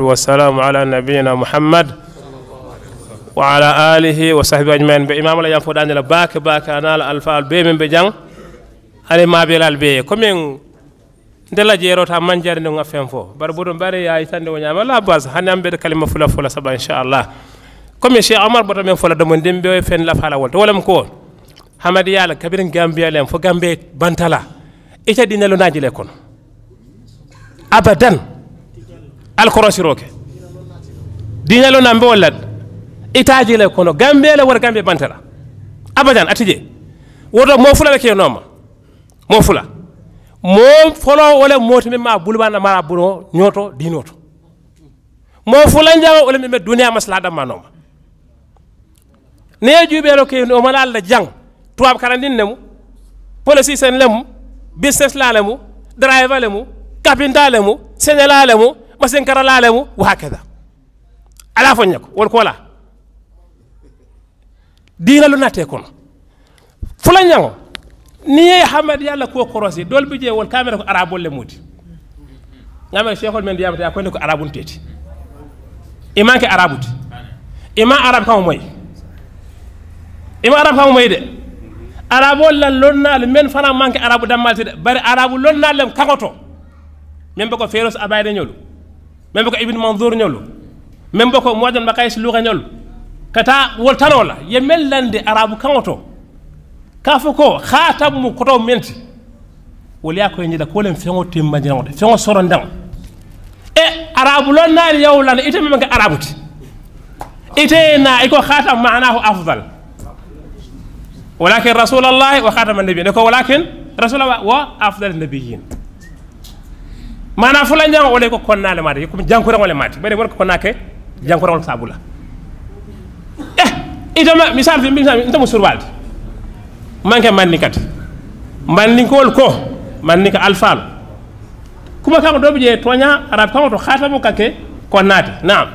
والسلام على نبينا محمد وعلى آله وصحبه أجمعين بإمام الله ينفو دانيلا باك باك أنا الألفاء البي من بجان علي ما بيلا البي كمين دلا جيرو تا من جارين دونغا فينفو بربورن باري يا إيسان دونغا نعم لا باز هاني أمبير كلمة فلا فلا سبا إن شاء الله كمين شي عمر بطا من فلا دمون دين بيوي فين لا فالا والتو ولم كو حمد يالا كبيرن غامبيا لهم فو غامبيا بانتالا إيشا دينا لو ناجي لكون أبدا alkorosiroke diñalo nambe wallad itaji le kono gambe le wara gambe bantala abadan atije woto mo fula be kenoma mo fula mo folo wala moti ma bulbana mara bulo nyoto dinoto mo fula njawo wala min be duniya maslada manoma ne juɓeɗo ke o mala allah jang tuwab karandin ne mu policy sen le mu business la le mu driver le mu capinta le mu senela le mu masenkara laalemu wa hakadha ala fo ñako wol ko la diina lu naate kono fula nyango ni ye hamad yalla ko korosi dol bi je wol kamera ko arabol le muti ngamel cheikhol men diyamata ya ko ne ko arabun teti iman ke arabuti iman arab kan moy iman arab kan moy de arabol la lonnal men fana manke arabu dammal de bari arabu lonnal lem kakoto men be ko feros abayde ñolu membe ibn manzur mandour même boko ko mojan lu luga ñol kata wol tano la ye mellande arabu kangoto kafu ko khatam khatamu koto menti wol ya ko ñida ko len fengo tim timmandi de fengo soro ndam e arabu lon yow lan ite me nga arabu ti ite na iko khatam ma'nahu afdal ولكن رسول الله وخاتم النبيين ولكن رسول الله وافضل النبيين mana fulanjaŋo wo le ko konnale maate comme jankureŋo mati maate bari wonko konna ke jankureŋol sabula eh itoma misal misal ntomo surwalde manke manni kati manninkowol ko manni ka alfaalo kuma kaŋo doobi je toña arab kaŋo to haatamo kake konnaate naam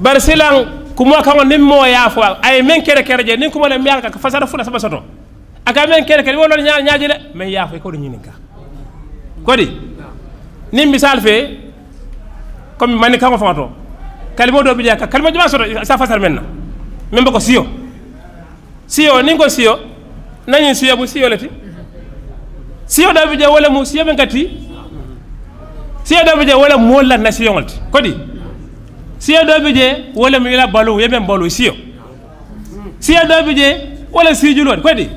bari silaŋ kuma kaŋo niŋ moo ya a fo men kere kere je niŋ kuma le miyaal ka ka fasara fula saba soto a kere kere wo loolu ñaaje de mais ye a fo i ko ɗo ñininka kodi nin misal fe comme manni kango faŋoto kalimo do bidia ka kalimo jama soto sa fasar men na min ko siyo siyo nin ko siyo nani siyo bu siyo lati ti siyo do bidia jee wala mu siyo men ka ti siyo do bidia jee wala mool la na siyoŋol ti kodi siyo do bidia jee wala mu ila balu yeme men balu siyo siyo do bidia jee wala siijuloo ti kodi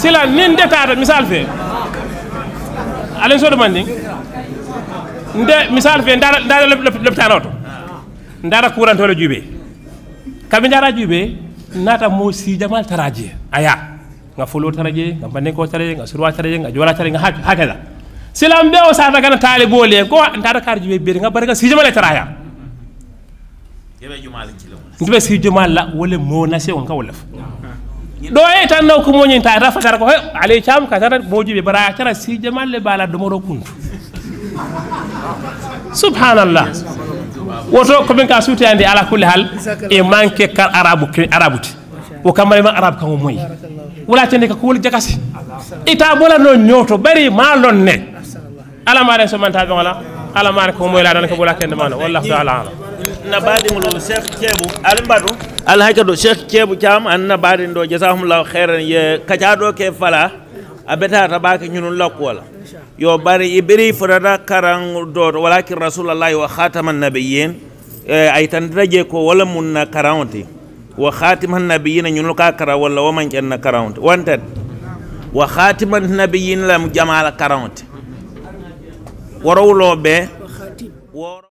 sila nin de misal fe alen sodo mandi nde misal fe ndara dara tanoto ndara dara courantole jube kaɓe ndara jube nata mo jamal taraje aya nga fulo taraje nga ko taraje nga surwa taraje nga jola taraje nga hakada silam be o sata gana taali boole ko ndara kar jube be nga barga jamal taraya ndebe sijamal la wala mo nasi on ka wala ɗo e tan naw ko moñin ta ta fakara ko he alay cam ka tara mojuɓe bara tara sije malle baala domoɗo kuntu subhanallah woto komin ka suuti andi ala kulle hal e manque kar arabu arabu te wo kammale ma arabe kanko moyi wala tende ka kuwol jakasi ita bola no ñooto bari ma lon ne alamare somantaɓe ngola alamare ko moyla tan ko ɓola kende mana wallahu taala alam na baɗimol cheikh ceebu alimbadou alhaqa ɗo cheikh keebu cam anna baɗen ɗo jasahumllahu heyran ye kacaɗo ke fala a betata ɓake ñunum lakkuwala yo bari ibiri fotata karan doto walakin rasulallahi wa khataman nabiyin ay tantata je ko wala munna karawte wa khatiman nabiyina ñunol ka kara walla womanƴanna karawte wantat wa khatiman nabiyin lam jamala karawte worowulo ɓe woro